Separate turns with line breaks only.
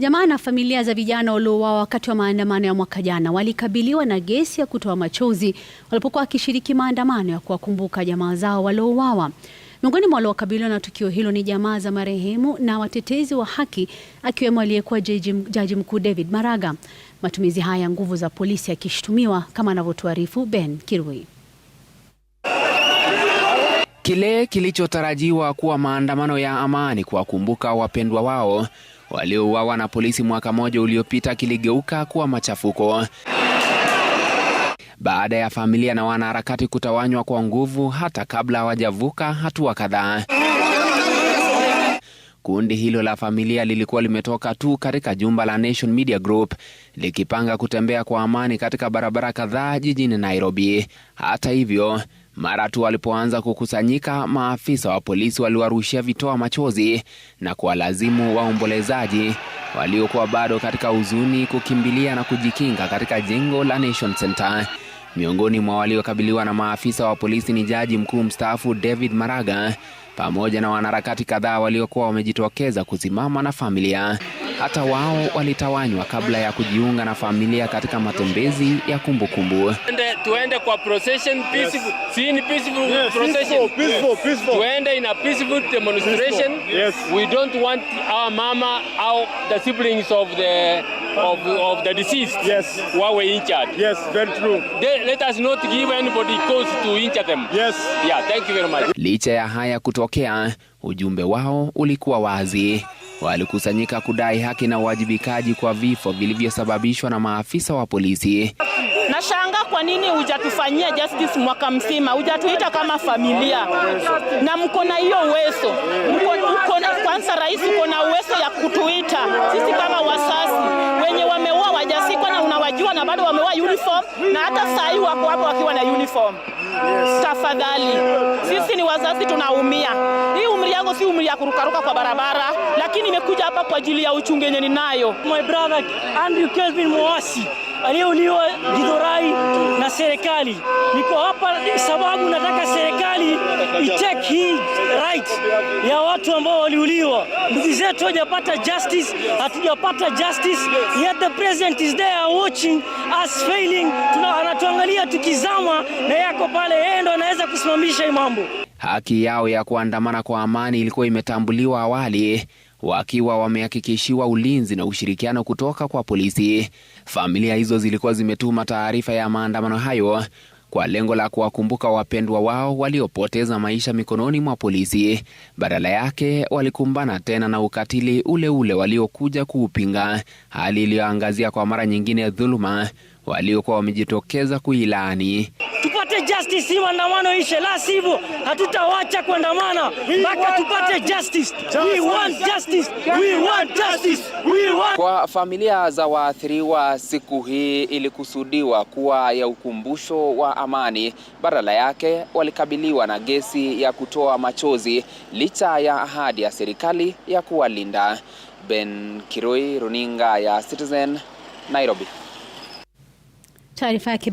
Jamaa na familia za vijana waliouawa wakati wa maandamano ya mwaka jana walikabiliwa na gesi ya kutoa machozi walipokuwa wakishiriki maandamano ya kuwakumbuka jamaa zao waliouawa. Miongoni mwa waliokabiliwa na tukio hilo ni jamaa za marehemu na watetezi wa haki, akiwemo aliyekuwa jaji mkuu David Maraga. Matumizi haya ya nguvu za polisi yakishutumiwa, kama anavyotuarifu Ben Kirui.
Kile kilichotarajiwa kuwa maandamano ya amani kuwakumbuka wapendwa wao waliouawa na polisi mwaka mmoja uliopita kiligeuka kuwa machafuko baada ya familia na wanaharakati kutawanywa kwa nguvu hata kabla hawajavuka hatua kadhaa. Kundi hilo la familia lilikuwa limetoka tu katika jumba la Nation Media Group likipanga kutembea kwa amani katika barabara kadhaa jijini Nairobi. Hata hivyo mara tu walipoanza kukusanyika, maafisa wa polisi waliwarushia vitoa machozi na kuwalazimu waombolezaji waliokuwa bado katika huzuni kukimbilia na kujikinga katika jengo la Nation Center. Miongoni mwa waliokabiliwa na maafisa wa polisi ni jaji mkuu mstaafu David Maraga pamoja na wanaharakati kadhaa waliokuwa wamejitokeza kusimama na familia hata wao walitawanywa kabla ya kujiunga na familia katika matembezi ya kumbukumbu.
Tuende kwa procession peaceful, yes. peaceful yes, procession. Peaceful, peaceful, peaceful. Tuende in a peaceful demonstration. Yes. We don't want our mama au the siblings of the of, of the deceased yes. wawe injured.
Yes, very true.
They, let us not give anybody cause to injure them. Yes. Yeah, thank you very much.
Licha ya haya kutokea Ujumbe wao ulikuwa wazi. Walikusanyika kudai haki na uwajibikaji kwa vifo vilivyosababishwa na maafisa wa polisi.
Nashangaa kwa nini hujatufanyia justice mwaka mzima, hujatuita kama familia, na mko na hiyo uwezo. Kwanza rais, uko na uwezo ya kutuita sisi kama na bado wamewaa uniform na hata sahii wako hapo wakiwa na uniform. Tafadhali, sisi ni wazazi tunaumia. Hii umri yangu si umri ya kurukaruka kwa barabara, lakini nimekuja hapa kwa ajili ya uchungu yenye ninayo.
My brother Andrew Kelvin Mwasi aliyeuliwa Githurai na serikali. Niko hapa sababu nataka serikali icheck hii right ya watu ambao waliuliwa, ndugu zetu hawajapata justice, hatujapata justice yet. The president is there watching us failing, anatuangalia tukizama, na yako pale, yeye ndo anaweza kusimamisha hii mambo.
Haki yao ya kuandamana kwa amani ilikuwa imetambuliwa awali wakiwa wamehakikishiwa ulinzi na ushirikiano kutoka kwa polisi. Familia hizo zilikuwa zimetuma taarifa ya maandamano hayo kwa lengo la kuwakumbuka wapendwa wao waliopoteza maisha mikononi mwa polisi. Badala yake walikumbana tena na ukatili ule ule waliokuja kuupinga, hali iliyoangazia kwa mara nyingine dhuluma waliokuwa wamejitokeza kuilaani
justice, hii maandamano ishe, la sivyo hatutawacha kuandamana mpaka tupate justice. We want justice. We want justice.
We want... Kwa familia za waathiriwa, siku hii ilikusudiwa kuwa ya ukumbusho wa amani, badala yake walikabiliwa na gesi ya kutoa machozi licha ya ahadi ya serikali ya kuwalinda. Ben Kiroi, runinga ya Citizen, Nairobi. Taarifa yake.